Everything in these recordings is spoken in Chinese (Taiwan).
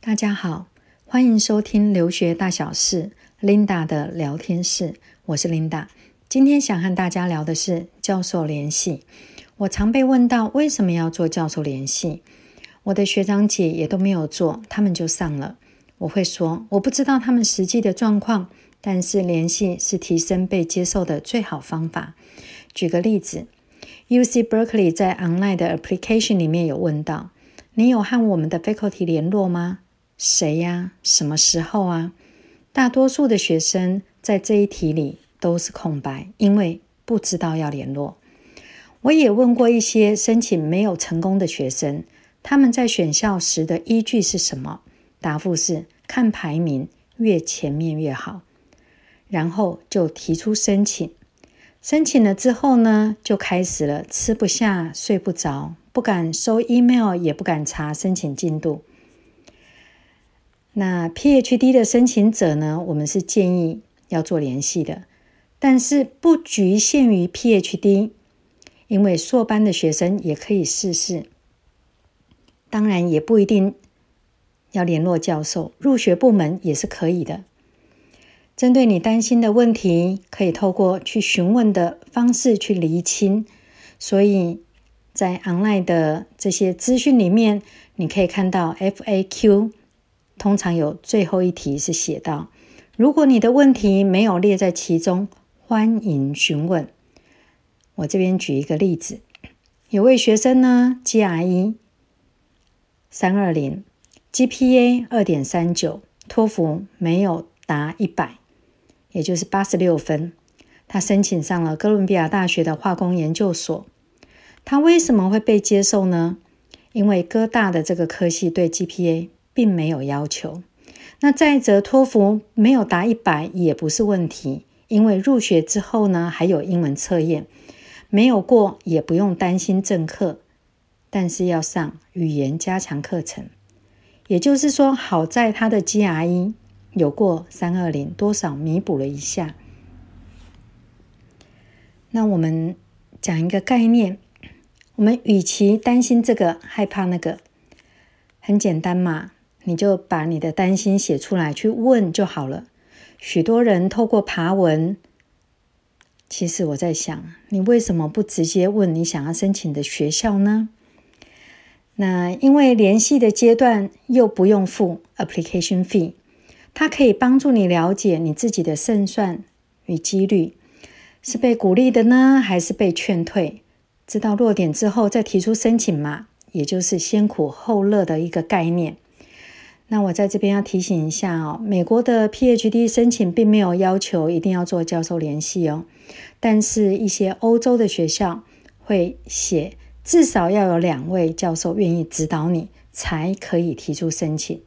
大家好，歡迎收聽留學大小事 Linda 的聊天室，我是 Linda。今天想和大家聊的是教授聯繫。我常被問到為什麼要做教授聯繫？我的學長姐也都沒有做，他們就上了。我會說，我不知道他們實際的狀況，但是聯繫是提升被接受的最好方法。舉個例子，UC Berkeley 在 online 的 application 裡面有問到：“你有和我們的 faculty 聯絡嗎？”誰呀、啊？什麼時候啊？大多數的學生在這一題裡都是空白，因為不知道要聯絡。我也問過一些申請沒有成功的學生。他們在選校時的依據是什麼？答覆是看排名，越前面越好。然後就提出申請，申請了之後呢，就開始了吃不下、睡不着，不敢收 email，也不敢查申請進度。那 PhD 的申請者呢，我們是建議要做聯繫的，但是不局限於 PhD，因為碩班的學生也可以試試。當然也不一定要聯絡教授，入學部門也是可以的。針對你擔心的問題，可以透過去詢問的方式去釐清。所以在昂 e 的這些資訊裡面，你可以看到 FAQ，通常有最後一題是寫到：如果你的問題沒有列在其中，歡迎詢問。我這邊舉一個例子，有位學生呢 GRE，接阿姨三二零，GPA 二點三九，托福沒有達一百，也就是八十六分，他申請上了哥倫比亞大學的化工研究所。他為什麼會被接受呢？因為哥大的這個科系對 GPA 並沒有要求。那再則托福沒有達一百也不是問題，因為入學之後呢還有英文測驗，沒有過也不用擔心政客。但是要上語言加強課程，也就是說，好在他的 GRE 有過320，多少彌補了一下。那我們講一個概念，我們與其擔心這個害怕那個，很簡單嘛，你就把你的擔心寫出來去問就好了。許多人透過爬文，其實我在想，你為什麼不直接問你想要申請的學校呢？那因為聯繫的階段又不用付 application fee，它可以幫助你了解你自己的勝算與幾率，是被鼓勵的呢，還是被勸退？知道弱點之後再提出申請嘛，也就是先苦後樂的一個概念。那我在這邊要提醒一下哦，美國的 PhD 申請並沒有要求一定要做教授聯繫哦，但是一些歐洲的學校會寫。至少要有兩位教授願意指導你，才可以提出申請。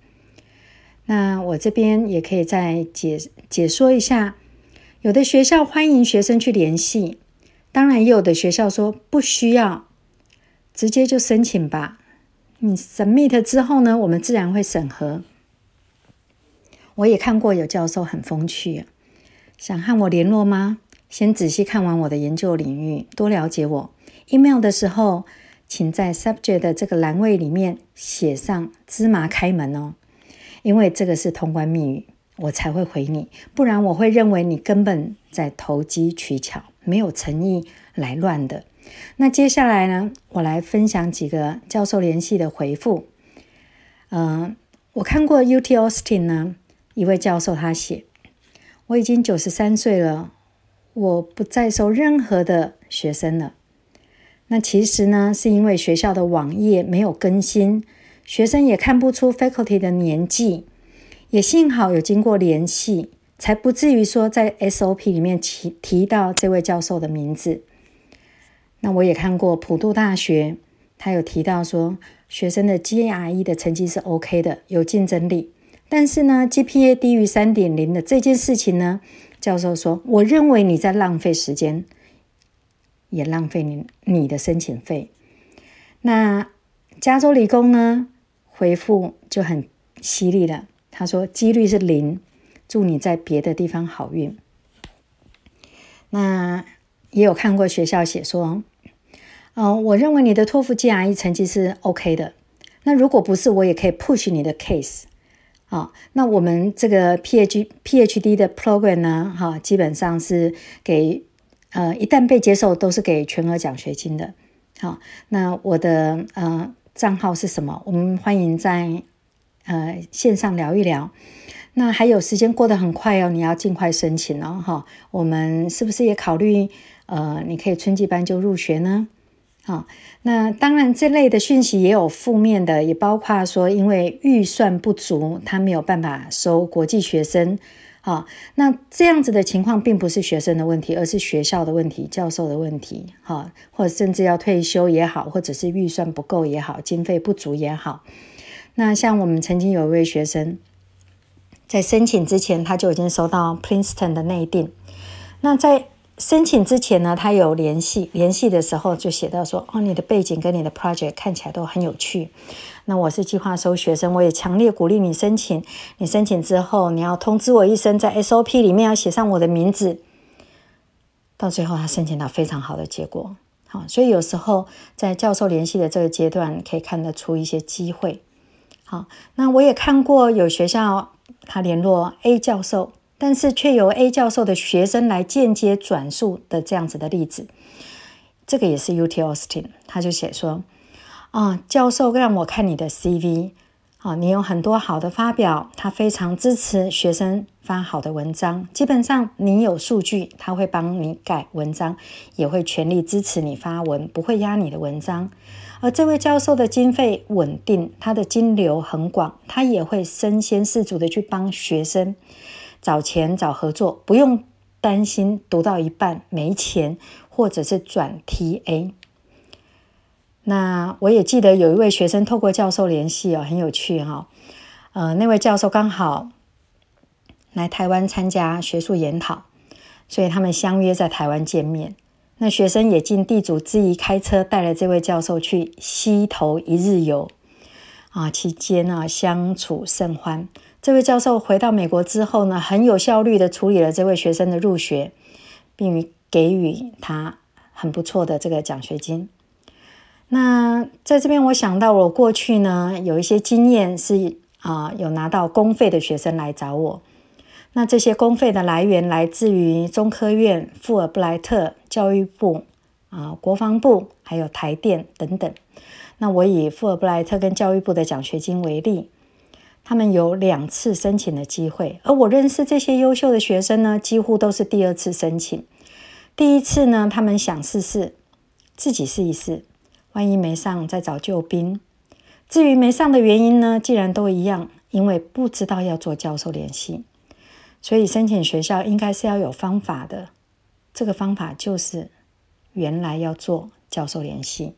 那我這邊也可以再解解說一下，有的學校歡迎學生去聯繫，當然也有的學校說不需要，直接就申請吧。你 submit 之後呢，我們自然會審核。我也看過有教授很風趣啊，想和我聯絡嗎？先仔細看完我的研究領域，多了解我。Email 的時候，請在 subject 的這個欄位裡面寫上“芝麻開門”哦，因為這個是通關密語，我才會回你。不然我會認為你根本在投機取巧，沒有誠意來亂的。那接下來呢，我來分享幾個教授聯繫的回復。嗯、呃，我看過 UT Austin 呢一位教授他寫：“我已經九十三歲了。”我不再收任何的學生了。那其實呢，是因為學校的網頁沒有更新，學生也看不出 faculty 的年紀。也幸好有經過聯繫，才不至於說在 SOP 裡面提提到這位教授的名字。那我也看過普渡大學，他有提到說學生的 G R E 的成績是 OK 的，有競爭力。但是呢，G P A 低於三點零的這件事情呢？教授說：“我認為你在浪費時間，也浪費你你的申請費。”那加州理工呢？回覆就很犀利了。他說：“幾率是零，祝你在別的地方好運。”那也有看過學校寫說：“嗯、呃，我認為你的托福 GRE 成績是 OK 的。那如果不是，我也可以 push 你的 case。”啊，那我們這個 Ph PhD 的 program 呢，哈，基本上是給呃一旦被接受都是給全額獎學金的。好，那我的呃賬號是什麼？我們歡迎在呃線上聊一聊。那還有時間過得很快哦，你要盡快申請哦。哈，哦，我們是不是也考慮呃你可以春季班就入學呢？好、哦，那當然，這類的訊息也有負面的，也包括說，因為預算不足，他沒有辦法收國際學生。好、哦，那這樣子的情況並不是學生的問題，而是學校的問題、教授的問題。哈、哦，或者甚至要退休也好，或者是預算不夠也好，經費不足也好。那像我們曾經有一位學生，在申請之前，他就已經收到 Princeton 的內定。那在申請之前呢，他有聯繫，聯繫的時候就寫到說：“哦，你的背景跟你的 project 看起來都很有趣。”那我是計劃收學生，我也強烈鼓勵你申請。你申請之後，你要通知我一聲，在 SOP 裡面要寫上我的名字。到最後，他申請到非常好的結果。好，所以有時候在教授聯繫的這個階段，可以看得出一些機會。好，那我也看過有學校他聯絡 A 教授。但是卻由 A 教授的學生來間接轉述的這樣子的例子，這個也是 UT Austin，他就寫說：“啊，教授讓我看你的 CV，啊，你有很多好的發表，他非常支持學生發好的文章。基本上你有數據，他會幫你改文章，也會全力支持你發文，不會壓你的文章。而這位教授的經費穩定，他的金流很廣，他也會身先士卒地去幫學生。”找錢找合作，不用擔心讀到一半沒錢，或者是轉 TA。那我也記得有一位學生透過教授聯繫哦，很有趣哈。呃，那位教授剛好來台灣參加學術研討，所以他們相約在台灣見面。那學生也盡地主之誼，開車帶了這位教授去溪頭一日遊啊，期間呢相處甚歡。這位教授回到美國之後呢，很有效率地處理了這位學生的入學，並給予他很不錯的這個獎學金。那在這邊，我想到我過去呢有一些經驗是啊，有拿到公費的學生來找我。那這些公費的來源來自於中科院、富爾布萊特、教育部啊、國防部，還有台電等等。那我以富爾布萊特跟教育部的獎學金為例。他們有兩次申請的機會，而我認識這些優秀的學生呢，幾乎都是第二次申請。第一次呢，他們想試試，自己試一試，萬一沒上再找救兵。至於沒上的原因呢，既然都一樣，因為不知道要做教授聯繫，所以申請學校應該是要有方法的。這個方法就是原來要做教授聯繫。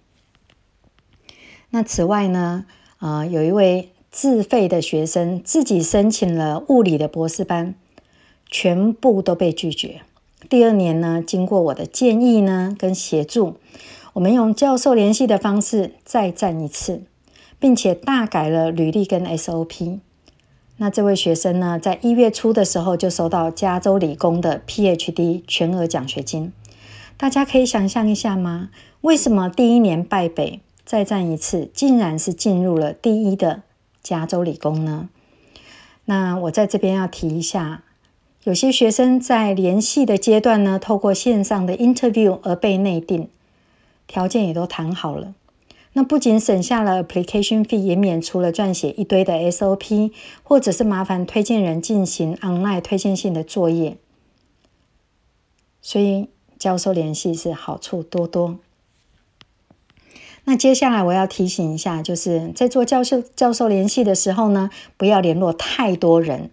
那此外呢，啊、呃，有一位。自費的學生自己申請了物理的博士班，全部都被拒絕。第二年呢，經過我的建議呢跟協助，我們用教授聯繫的方式再戰一次，並且大改了履歷跟 SOP。那這位學生呢，在一月初的時候就收到加州理工的 PhD 全額獎學金。大家可以想象一下嗎？為什麼第一年敗北，再戰一次，竟然是進入了第一的？加州理工呢？那我在這邊要提一下，有些學生在聯繫的階段呢，透過線上的 interview 而被內定，條件也都談好了。那不僅省下了 application fee，也免除了撰寫一堆的 SOP，或者是麻煩推薦人進行 online 推薦信的作業。所以教授聯繫是好處多多。那接下來我要提醒一下，就是在做教授教授聯繫的時候呢，不要聯絡太多人，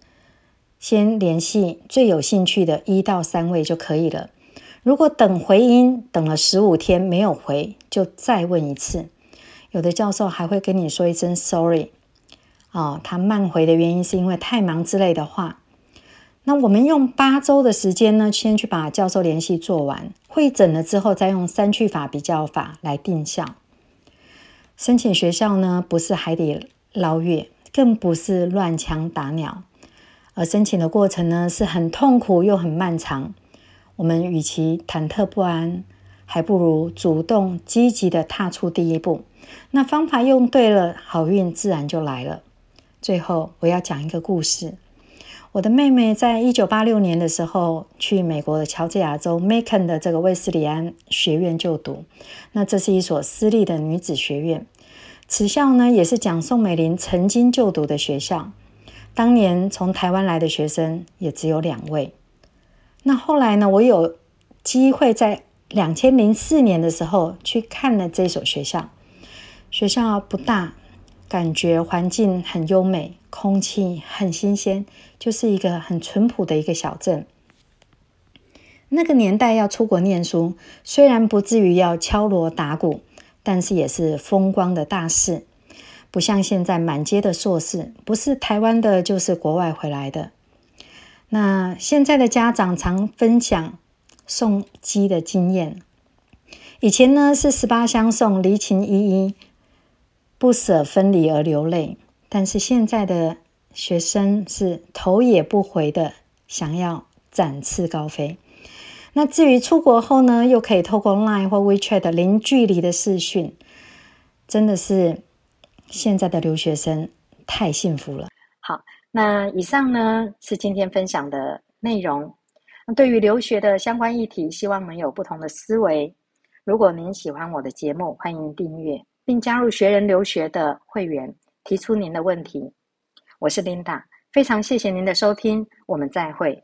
先聯繫最有興趣的一到三位就可以了。如果等回音等了十五天沒有回，就再問一次。有的教授還會跟你說一聲 “sorry”，哦，他慢回的原因是因為太忙之類的話。那我們用八周的時間呢，先去把教授聯繫做完，會診了之後再用刪去法比較法來定向。申請學校呢，不是海底撈月，更不是亂槍打鳥，而申請的過程呢，是很痛苦又很漫長。我們與其忐忑不安，還不如主動積極的踏出第一步。那方法用對了，好運自然就來了。最後，我要講一個故事。我的妹妹在一九八六年的時候去美國的喬治亞州 Macon 的這個衛斯里安學院就讀，那這是一所私立的女子學院，此校呢也是蔣宋美齡曾經就讀的學校。當年從台灣來的學生也只有兩位。那後來呢，我有機會在兩千零四年的時候去看了這所學校，學校不大。感覺環境很優美，空氣很新鮮，就是一個很淳樸的一個小鎮。那個年代要出國念書，雖然不至於要敲鑼打鼓，但是也是風光的大事。不像現在滿街的碩士，不是台灣的，就是國外回來的。那現在的家長常分享送機的經驗，以前呢是十八相送，離情依依。不捨分離而流淚，但是現在的學生是頭也不回的想要展翅高飛。那至於出國後呢，又可以透過 Line 或 WeChat 零距離的視訊，真的是現在的留學生太幸福了。好，那以上呢是今天分享的內容。那對於留學的相關議題，希望能有不同的思維。如果您喜歡我的節目，歡迎訂閱。並加入學人留學的會員，提出您的問題。我是 Linda，非常謝謝您的收聽，我們再會。